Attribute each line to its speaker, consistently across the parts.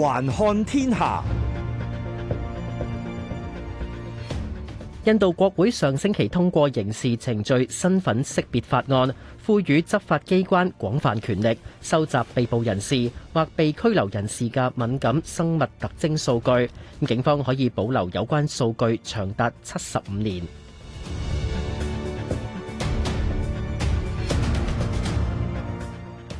Speaker 1: 環看天下，印度國會上星期通過刑事程序身份識別法案，賦予執法機關廣泛權力，收集被捕人士或被拘留人士嘅敏感生物特徵數據。咁警方可以保留有關數據長達七十五年。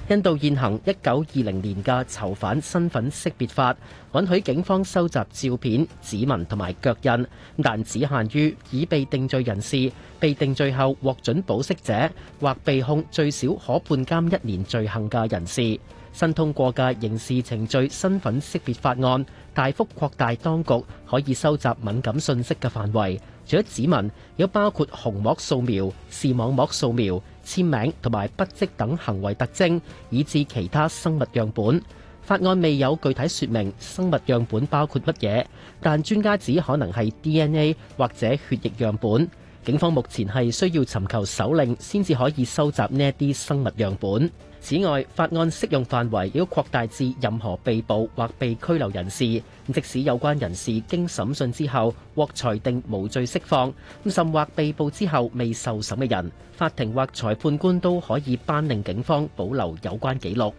Speaker 1: 印度現行一九二零年嘅囚犯身份識別法，允許警方收集照片、指紋同埋腳印，但只限於已被定罪人士、被定罪後獲准保釋者或被控最少可判監一年罪行嘅人士。新通過嘅刑事程序身份識別法案，大幅擴大當局可以收集敏感信息嘅範圍。除咗指紋，有包括虹膜掃描、視網膜掃描、簽名同埋筆跡等行為特徵，以至其他生物樣本。法案未有具體説明生物樣本包括乜嘢，但專家指可能係 DNA 或者血液樣本。警方目前係需要尋求搜令先至可以收集呢一啲生物樣本。此外，法案適用範圍亦都擴大至任何被捕或被拘留人士，即使有關人士經審訊之後獲裁定無罪釋放，咁甚或被捕之後未受審嘅人，法庭或裁判官都可以頒令警方保留有關記錄。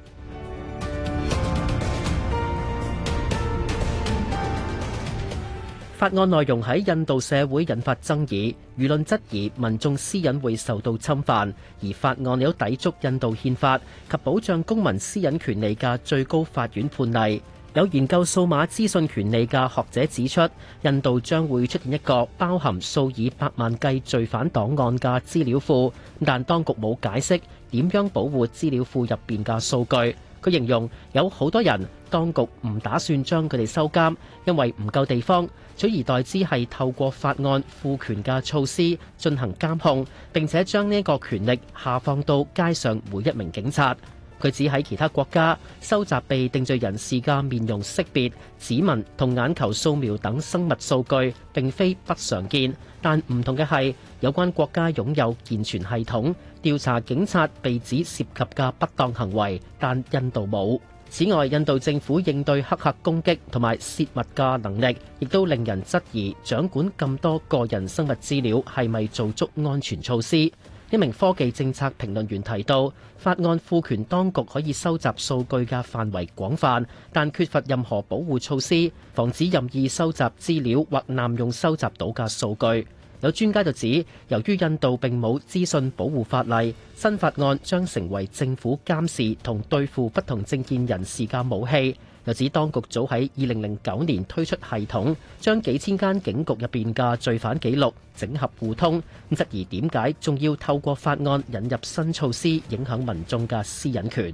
Speaker 1: 法案內容喺印度社會引發爭議，輿論質疑民眾私隱會受到侵犯，而法案有抵觸印度憲法及保障公民私隱權利嘅最高法院判例。有研究數碼資訊權利嘅學者指出，印度將會出現一個包含數以百萬計罪犯檔案嘅資料庫，但當局冇解釋點樣保護資料庫入邊嘅數據。佢形容有好多人，當局唔打算將佢哋收監，因為唔夠地方。取而代之係透過法案賦權嘅措施進行監控，並且將呢個權力下放到街上每一名警察。佢指喺其他國家收集被定罪人士嘅面容識別、指紋同眼球掃描等生物數據，並非不常見。但唔同嘅係，有關國家擁有健全系統調查警察被指涉及嘅不當行為，但印度冇。此外，印度政府應對黑客攻擊同埋洩密嘅能力，亦都令人質疑掌管咁多個人生物資料係咪做足安全措施。一名科技政策評論員提到，法案賦權當局可以收集數據嘅範圍廣泛，但缺乏任何保護措施，防止任意收集資料或濫用收集到嘅數據。有專家就指，由於印度並冇資訊保護法例，新法案將成為政府監視同對付不同政見人士嘅武器。又指當局早喺2009年推出系統，將幾千間警局入邊嘅罪犯記錄整合互通，咁質疑點解仲要透過法案引入新措施影響民眾嘅私隱權。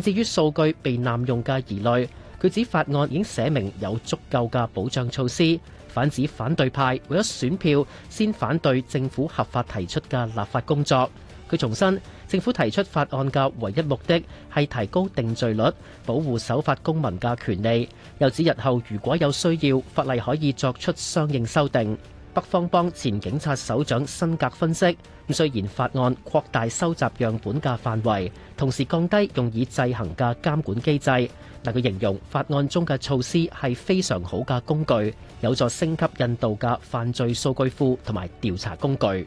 Speaker 1: 至於數據被濫用嘅疑慮，佢指法案已經寫明有足夠嘅保障措施，反指反對派為咗選票先反對政府合法提出嘅立法工作。佢重申，政府提出法案嘅唯一目的係提高定罪率，保護守法公民嘅權利。又指日後如果有需要，法例可以作出相應修訂。北方邦前警察首長辛格分析，咁雖然法案擴大收集樣本嘅範圍，同時降低用以制衡嘅監管機制，但佢形容法案中嘅措施係非常好嘅工具，有助升級印度嘅犯罪數據庫同埋調查工具。